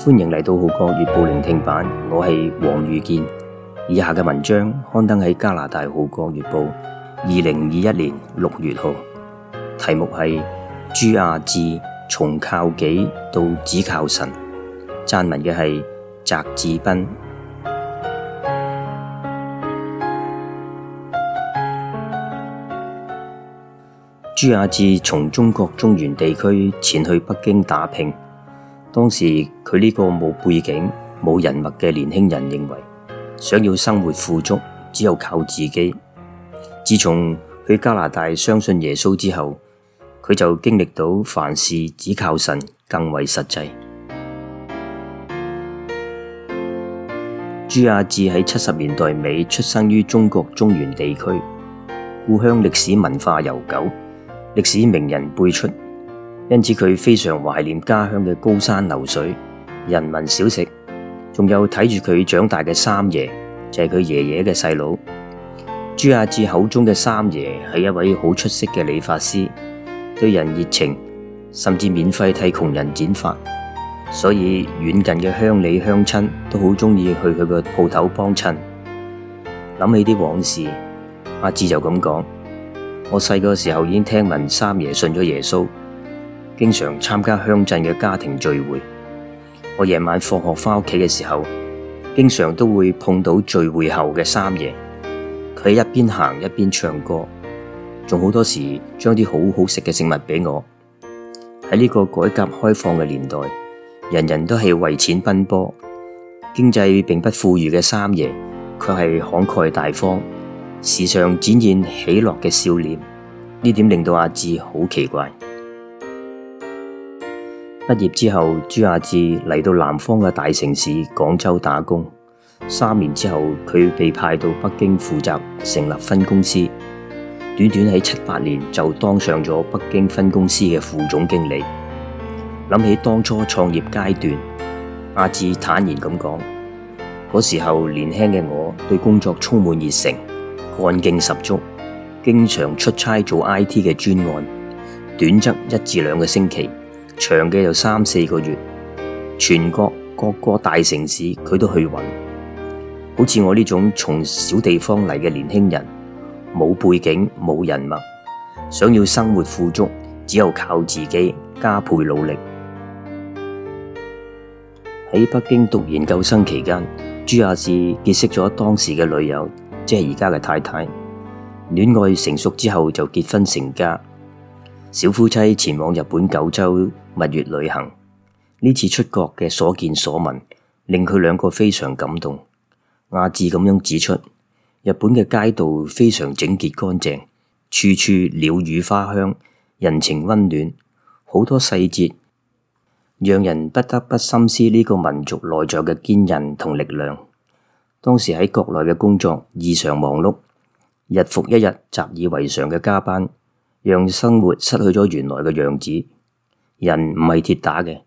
歡迎嚟到《號角月報》聆聽版，我係黃裕健。以下嘅文章刊登喺加拿大《號角月報》二零二一年六月號，題目係朱亞志從靠己到只靠神，撰文嘅係翟志斌。朱亞志從中國中原地區前去北京打拼。當時佢呢個冇背景、冇人脈嘅年輕人認為，想要生活富足，只有靠自己。自從去加拿大相信耶穌之後，佢就經歷到凡事只靠神更為實際。 朱亞志喺七十年代尾，出生於中國中原地區，故鄉歷史文化悠久，歷史名人輩出。因此佢非常懷念家鄉嘅高山流水、人民小食，仲有睇住佢長大嘅三爺，就係佢爺爺嘅細佬。朱亞志口中嘅三爺係一位好出色嘅理髮師，對人熱情，甚至免費替窮人剪髮，所以遠近嘅鄉里鄉親都好鍾意去佢嘅鋪頭幫襯。諗起啲往事，阿志就咁講：「我細個時候已經聽聞三爺信咗耶穌。經常參加鄉鎮嘅家庭聚會，我夜晚放學翻屋企嘅時候，經常都會碰到聚會後嘅三爺。佢一邊行一邊唱歌，仲好多時將啲好好食嘅食物俾我。喺呢個改革開放嘅年代，人人都係為錢奔波，經濟並不富裕嘅三爺卻係慷慨大方，時常展現喜樂嘅笑臉。呢點令到阿志好奇怪。畢業之後，朱亞志嚟到南方嘅大城市廣州打工。三年之後，佢被派到北京負責成立分公司。短短喺七八年，就當上咗北京分公司嘅副總經理。諗起當初創業階段，亞志坦然咁講：嗰時候年輕嘅我，對工作充滿熱誠，幹勁十足，經常出差做 IT 嘅專案，短則一至兩個星期。長嘅就三四個月，全國各個大城市佢都去揾，好似我呢種從小地方嚟嘅年輕人，冇背景冇人脈，想要生活富足，只有靠自己加倍努力。喺北京讀研究生期間，朱亞志結識咗當時嘅女友，即係而家嘅太太。戀愛成熟之後就結婚成家。小夫妻前往日本九州蜜月旅行，呢次出國嘅所見所聞令佢兩個非常感動。亞志咁樣指出，日本嘅街道非常整潔乾淨，處處鳥語花香，人情溫暖，好多細節讓人不得不深思呢個民族內在嘅堅韌同力量。當時喺國內嘅工作異常忙碌，日復一日習以為常嘅加班。讓生活失去咗原來嘅樣子，人唔係鐵打嘅，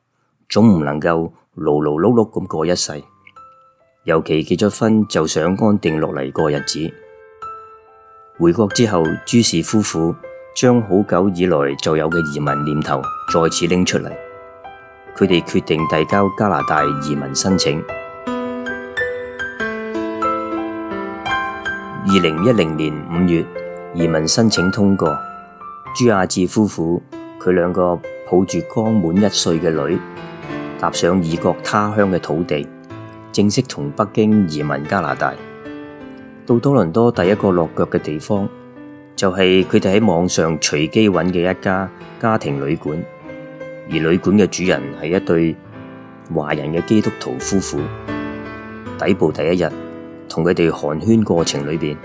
總唔能夠勞勞碌碌咁過一世。尤其結咗婚就想安定落嚟過日子。回國之後，朱氏夫婦將好久以來就有嘅移民念頭再次拎出嚟，佢哋決定遞交加拿大移民申請。二零一零年五月，移民申請通過。朱亞志夫婦佢兩個抱住剛滿一歲嘅女，踏上異國他鄉嘅土地，正式從北京移民加拿大。到多倫多第一個落腳嘅地方，就係佢哋喺網上隨機揾嘅一家家庭旅館，而旅館嘅主人係一對華人嘅基督徒夫婦。抵埗第一日，同佢哋寒暄過程裏邊，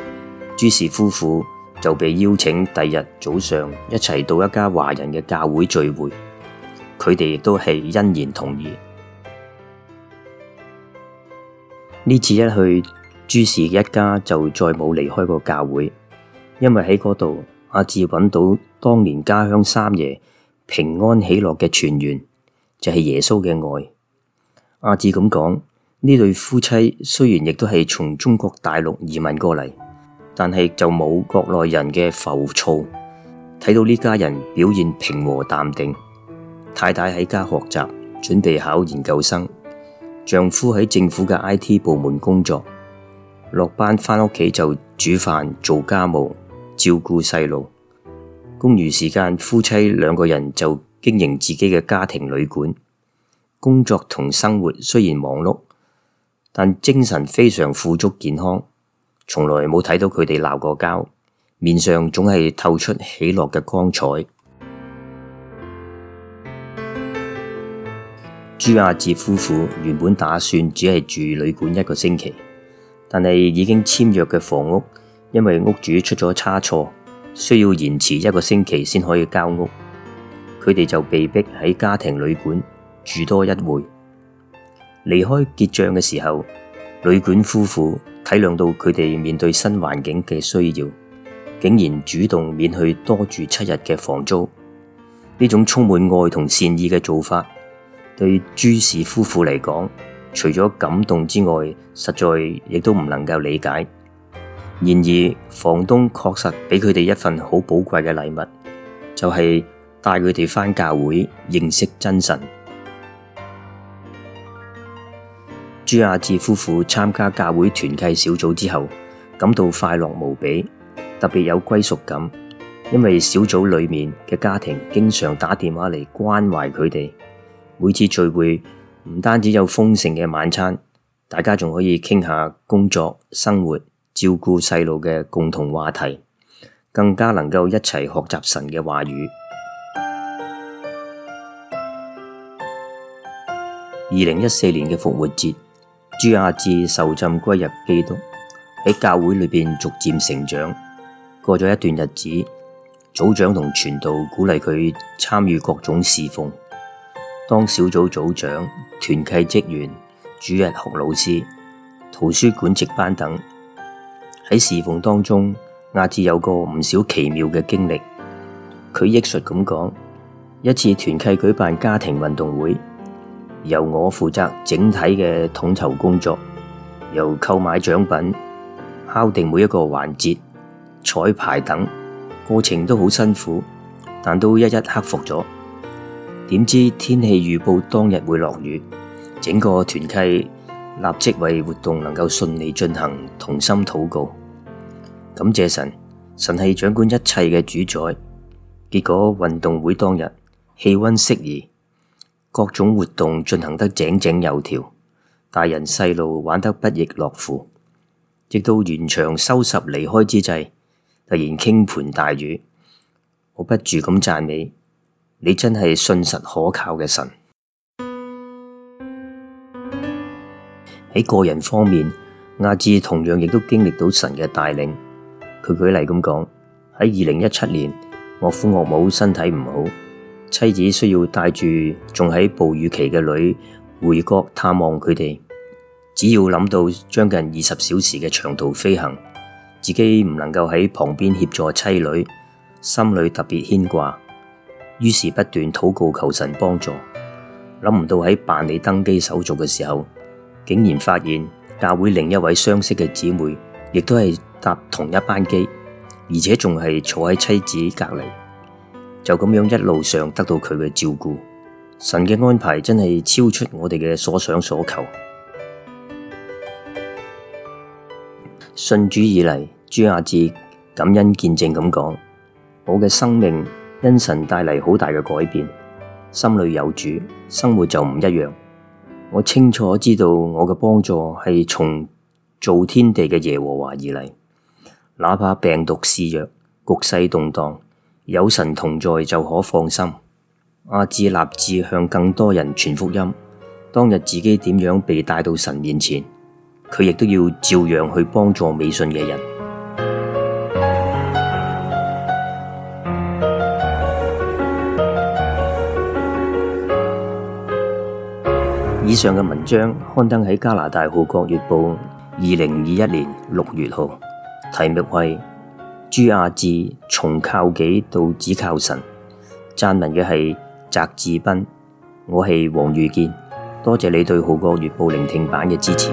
朱氏夫婦就被邀請第日早上一齊到一家華人嘅教會聚會，佢哋亦都係欣然同意。呢次一去朱氏一家就再冇離開過教會，因為喺嗰度阿志揾到當年家鄉三爺平安喜樂嘅泉源，就係耶穌嘅愛。阿志咁講，呢對夫妻雖然亦都係從中國大陸移民過嚟。但係就冇國內人嘅浮躁，睇到呢家人表現平和淡定。太太喺家學習，準備考研究生；丈夫喺政府嘅 IT 部門工作，落班返屋企就煮飯、做家務、照顧細路。工餘時間，夫妻兩個人就經營自己嘅家庭旅館。工作同生活雖然忙碌，但精神非常富足健康。從來冇睇到佢哋鬧過交，面上總係透出喜樂嘅光彩。朱亞志夫婦原本打算只係住旅館一個星期，但係已經簽約嘅房屋，因為屋主出咗差錯，需要延遲一個星期先可以交屋，佢哋就被迫喺家庭旅館住多一會。離開結賬嘅時候，旅館夫婦體諒到佢哋面對新環境嘅需要，竟然主動免去多住七日嘅房租，呢種充滿愛同善意嘅做法，對朱氏夫婦嚟講，除咗感動之外，實在亦都唔能夠理解。然而，房東確實俾佢哋一份好寶貴嘅禮物，就係帶佢哋返教會認識真神。朱亞志夫婦參加教會團契小組之後，感到快樂無比，特別有歸屬感。因為小組裏面嘅家庭經常打電話嚟關懷佢哋，每次聚會唔單止有豐盛嘅晚餐，大家仲可以傾下工作、生活、照顧細路嘅共同話題，更加能夠一齊學習神嘅話語。二零一四年嘅復活節。朱亞志受浸歸入基督，喺教會裏邊逐漸成長。過咗一段日子，組長同傳道鼓勵佢參與各種侍奉，當小組組長、團契職員、主日學老師、圖書館值班等。喺侍奉當中，亞志有個唔少奇妙嘅經歷。佢憶述咁講：一次團契舉辦家庭運動會。由我負責整體嘅統籌工作，由購買獎品、敲定每一個環節、彩排等，過程都好辛苦，但都一一克服咗。點知天氣預報當日會落雨，整個團契立即為活動能夠順利進行，同心禱告，感謝神，神係掌管一切嘅主宰。結果運動會當日氣溫適宜。各種活動進行得井井有條，大人細路玩得不亦樂乎。直到完場收拾離開之際，突然傾盆大雨，我不住咁讚美你，真係信實可靠嘅神。喺 個人方面，亞志同樣亦都經歷到神嘅帶領。佢舉例咁講：喺二零一七年，岳父岳母身體唔好。妻子需要帶住仲喺哺乳期嘅女回國探望佢哋，只要諗到將近二十小時嘅長途飛行，自己唔能夠喺旁邊協助妻女，心裏特別牽掛。於是不斷禱告求神幫助。諗唔到喺辦理登機手續嘅時候，竟然發現教會另一位相識嘅姊妹，亦都係搭同一班機，而且仲係坐喺妻子隔離。就咁樣一路上得到佢嘅照顧，神嘅安排真係超出我哋嘅所想所求。信主以嚟，朱亞志感恩見證咁講：，我嘅生命因神帶嚟好大嘅改變，心裏有主，生活就唔一樣。我清楚知道我嘅幫助係從造天地嘅耶和華以嚟，哪怕病毒肆虐，局勢動蕩。有神同在就可放心。阿志立志向更多人傳福音。當日自己點樣被帶到神面前，佢亦都要照樣去幫助未信嘅人。以上嘅文章刊登喺加拿大《號角月報》二零二一年六月號，題目係。朱亞志從靠己到只靠神，撰文嘅係翟志斌，我係黃如健，多謝你對《號角月報聆聽版》嘅支持。